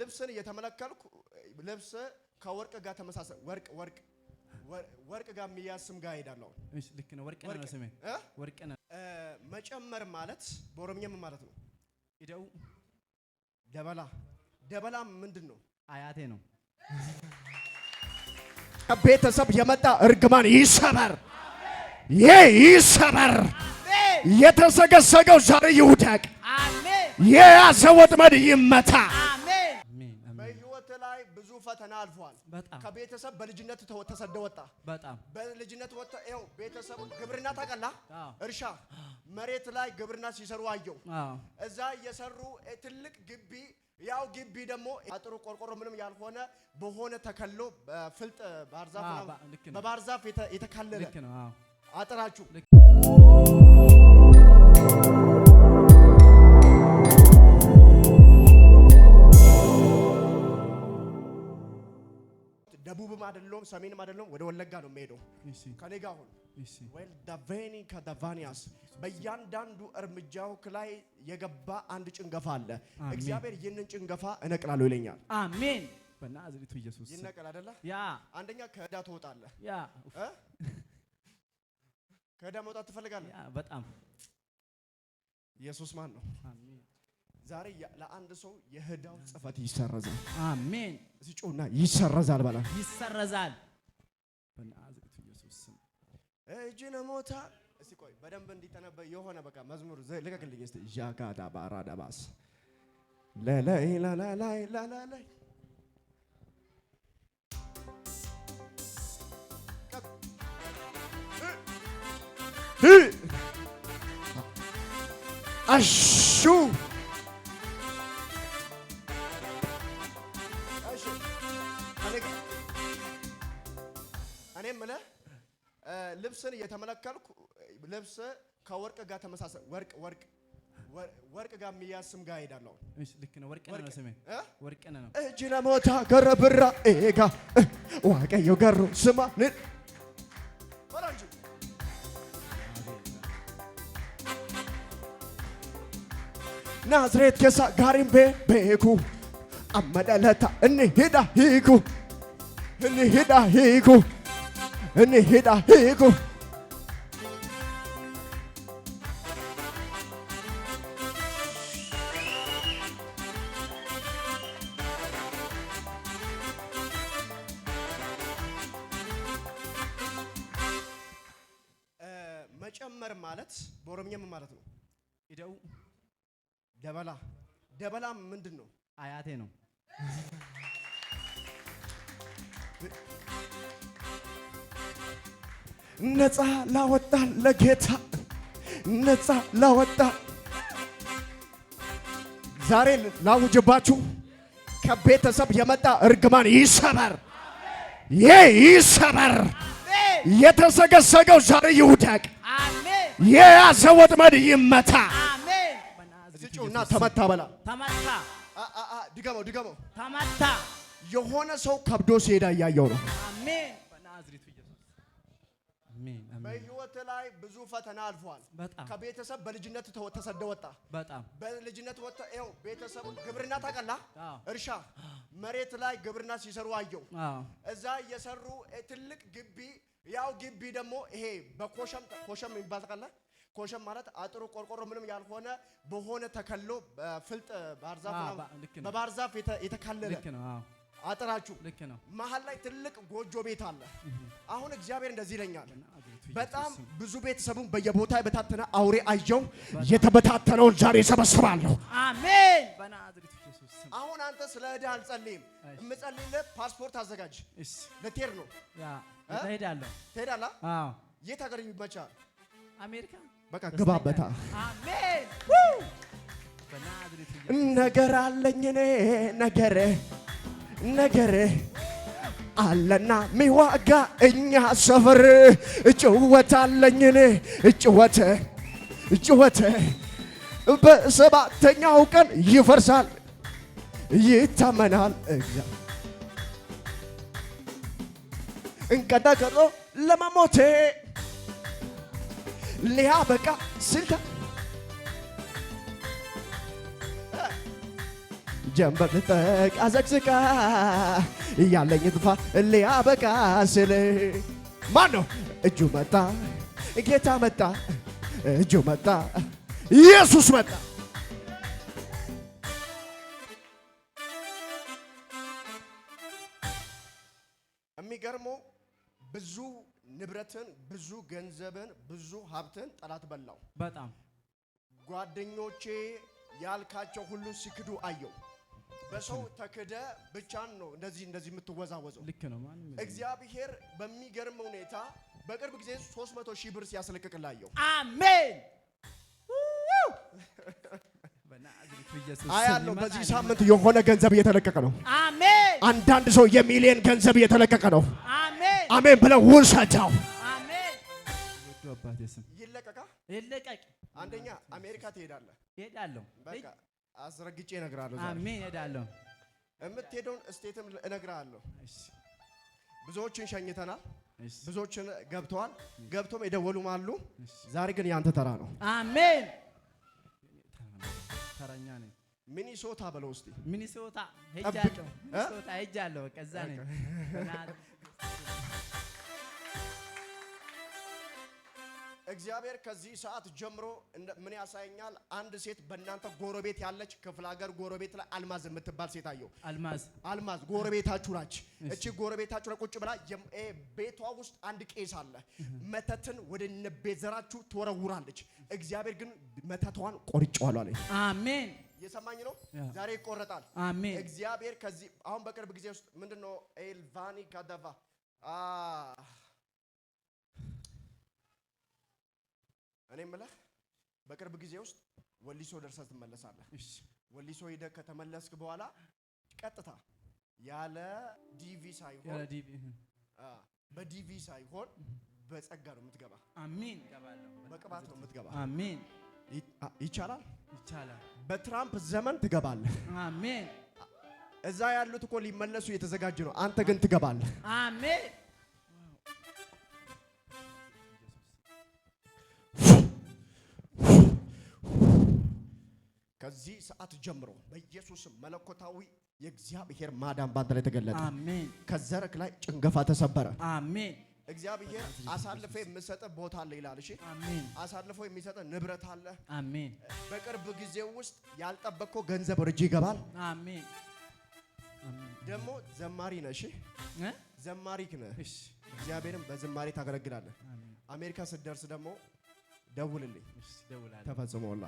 ልብስን እየተመለከልኩ ልብስ ከወርቅ ጋር ተመሳሳይ ወርቅ ወርቅ ወርቅ ጋር የሚያዝ ስም ጋር እሄዳለሁ። እሺ፣ ልክ ነው። ወርቅ ነው ስሜ። ወርቅ ነው። መጨመር ማለት በኦሮምኛም ማለት ነው። ኢደው ደበላ ደበላ ምንድን ነው? አያቴ ነው። ከቤተሰብ የመጣ እርግማን ይሰበር፣ ይሄ ይሰበር። የተሰገሰገው ዛሬ ይውደቅ። የያዘ ወጥመድ ይመታ። በህይወት ላይ ብዙ ፈተና አልፏል። በጣም ከቤተሰብ በልጅነት ተሰደ ወጣ። በጣም በልጅነት ወጣ። ይኸው ቤተሰቡ ግብርና ታቀላ እርሻ መሬት ላይ ግብርና ሲሰሩ አየው። እዛ እየሰሩ ትልቅ ግቢ ያው ግቢ ደግሞ አጥሩ ቆርቆሮ ምንም ያልሆነ በሆነ ተከሎ በፍልጥ በባህር ዛፍ የተካለለ አጥራችሁ ደቡብም አይደለም ሰሜንም አይደለም፣ ወደ ወለጋ ነው የምሄደው። ከኔ ጋር ሁን። ዌል ዳቬኒ ከዳቫኒያስ በእያንዳንዱ እርምጃው ላይ የገባ አንድ ጭንገፋ አለ። እግዚአብሔር ይህንን ጭንገፋ እነቅላለሁ ይለኛል። አሜን። በናዝሬቱ ኢየሱስ ይነቀል። አደለ? ያ አንደኛ ከዕዳ ትወጣለህ። ያ ከዕዳ መውጣት ትፈልጋለህ። በጣም ኢየሱስ ማን ነው? አሜን ዛሬ ለአንድ ሰው የህዳው ጽፈት ይሰረዛል። አሜን። እዚህ ጮና ይሰረዛል፣ በላ ይሰረዛል። በናዝሬቱ ኢየሱስ ስም እጅን ሞታ እስቲ ቆይ፣ በደንብ እንዲተነበ የሆነ በቃ መዝሙር ልቀቅልኝ እስቲ ዣጋዳ ባራዳ ባስ ለላይ ለላይ ለላይ አሹ የምልህ ልብስን እየተመለከልኩ ልብስ ከወርቅ ጋር ተመሳሳይ ወርቅ ወርቅ ወርቅ ጋር የሚያዝ ስም ጋር እሄዳለሁ። እሺ ልክ ነው። ወርቅ ነው ስሜ ወርቅ ነው። እጅ ለሞታ ገረ ብራ ኤጋ ዋቀዮ ገሩ ስማ ን ናዝሬት ኬሳ ጋሪምቤ ቤኩ አመለለታ እንሂዳ ሂኩ እንሂዳ ሂኩ እንሄዳ ሄጎ eh, መጨመር ማለት በኦሮምኛም ማለት ነው። ሂደው ደበላ ደበላ ምንድን ነው? አያቴ ነው። ነፃ ላወጣ ለጌታ ነፃ ላወጣ ዛሬ ላውጅባችሁ፣ ከቤተሰብ የመጣ እርግማን ይሰበር፣ ይህ ይሰበር። የተሰገሰገው ዛሬ ይውደቅ፣ የያዘ ወጥመድ ይመታ። እና ተመታ በላ ድገመው፣ ድገመው። ተመታ የሆነ ሰው ከብዶ ሲሄዳ እያየው ነው። በህይወት ላይ ብዙ ፈተና አልፏል። ከቤተሰብ በልጅነት ተሰደ ወጣ። በጣም በልጅነት ወጣ። ይኸው ቤተሰቡ ግብርና ታቀላ እርሻ መሬት ላይ ግብርና ሲሰሩ አየው። እዛ እየሰሩ ትልቅ ግቢ፣ ያው ግቢ ደግሞ ይሄ በኮሸም ኮሸም የሚባል ኮሸም ማለት አጥሩ ቆርቆሮ ምንም ያልሆነ በሆነ ተከሎ አጥራችሁ ልክ ነው። መሀል ላይ ትልቅ ጎጆ ቤት አለ። አሁን እግዚአብሔር እንደዚህ ይለኛል፣ በጣም ብዙ ቤተሰቡን በየቦታ የበታተነ አውሬ አየው። የተበታተነውን ዛሬ ሰበስባለሁ። አሜን። አሁን አንተ ስለ ዕዳ አልጸልይም። የምጸልይልህ ፓስፖርት አዘጋጅ። ልትሄድ ነው? ትሄዳለህ? ትሄዳለህ? አዎ። የት ሀገር ይመቻል? አሜሪካ። በቃ ግባበታ። አሜን። ነገር አለኝ እኔ ነገር ነገር አለና ሚዋጋ እኛ ሰፈር ጭወት አለኝን ጭወት ጭወት በሰባተኛው ቀን ይፈርሳል ይታመናል። እንቀዳ ቀሮ ለመሞቴ ሊያበቃ ስልታ ጀንበር ልጠቅ አዘቅዝቃ እያለኝ ጥፋ ሊያበቃ ስል ማን ነው እጁ መጣ፣ ጌታ መጣ፣ እጁ መጣ፣ ኢየሱስ መጣ። የሚገርመው ብዙ ንብረትን፣ ብዙ ገንዘብን፣ ብዙ ሀብትን ጠላት በላው። በጣም ጓደኞቼ ያልካቸው ሁሉ ሲክዱ አየው። በሰው ተክደ ብቻን ነው እንደዚህ እንደዚህ የምትወዛወዘው። ልክ ነው። እግዚአብሔር በሚገርም ሁኔታ በቅርብ ጊዜ 300 ሺህ ብር ሲያስለቅቅላየው፣ አሜን አያለው። በዚህ ሳምንት የሆነ ገንዘብ እየተለቀቀ ነው። አሜን። አንዳንድ ሰው የሚሊዮን ገንዘብ እየተለቀቀ ነው። አሜን፣ አሜን ብለው ውሰደው። አሜን። ይለቀቃ ይለቀቅ። አንደኛ አሜሪካ ትሄዳለህ። እሄዳለሁ በቃ አስረግጬ እነግርሃለሁ። አሜን። እሄዳለሁ። የምትሄደውን እስቴትም እነግርሃለሁ። ብዙዎችን ሸኝተናል። ብዙዎችን ገብተዋል። ገብቶም የደወሉም አሉ። ዛሬ ግን ያንተ ተራ ነው። አሜን። ተረኛ ነኝ። ሚኒሶታ በለው እስቲ። ሚኒሶታ ሄጃለሁ። ሚኒሶታ ሄጃለሁ። በቃ እዛ ነኝ። እግዚአብሔር ከዚህ ሰዓት ጀምሮ ምን ያሳየኛል? አንድ ሴት በእናንተ ጎረቤት ያለች ክፍለ ሀገር ጎረቤት ላይ አልማዝ የምትባል ሴት አየሁ። አልማዝ አልማዝ ጎረቤታችሁ ናች። እቺ ጎረቤታችሁ ላይ ቁጭ ብላ ቤቷ ውስጥ አንድ ቄስ አለ። መተትን ወደ ቤት ዘራችሁ ትወረውራለች። እግዚአብሔር ግን መተቷን ቆርጬዋለሁ አለኝ። አሜን። የሰማኝ ነው። ዛሬ ይቆረጣል። አሜን። እግዚአብሔር ከዚህ አሁን በቅርብ ጊዜ ውስጥ ምንድነው ኤልቫኒ ካደቫ እኔ የምልህ በቅርብ ጊዜ ውስጥ ወሊሶ ደርሰህ ትመለሳለህ። ወሊሶ ሂደህ ከተመለስክ በኋላ ቀጥታ ያለ ዲቪ ሳይሆን በዲቪ ሳይሆን በጸጋ ነው የምትገባ። አሜን። በቅባት ነው የምትገባ። አሜን። ይቻላል፣ ይቻላል። በትራምፕ ዘመን ትገባለህ። አሜን። እዛ ያሉት እኮ ሊመለሱ የተዘጋጀ ነው። አንተ ግን ትገባለህ። አሜን። ከዚህ ሰዓት ጀምሮ በኢየሱስ መለኮታዊ የእግዚአብሔር ማዳን ባንተ ላይ ተገለጠ። አሜን። ከዘርክ ላይ ጭንገፋ ተሰበረ። አሜን። እግዚአብሔር አሳልፎ የሚሰጥ ቦታ አለ ይላል። እሺ አሜን። አሳልፎ የሚሰጥ ንብረት አለ። አሜን። በቅርብ ጊዜ ውስጥ ያልጠበቅከው ገንዘብ ወደ እጅ ይገባል። አሜን። ደግሞ ዘማሪ ነህ። እሺ ዘማሪክ ነህ። እግዚአብሔርን በዝማሬ ታገለግላለህ። አሜሪካ ስትደርስ ደግሞ ደውልልኝ። ተፈጽሞላ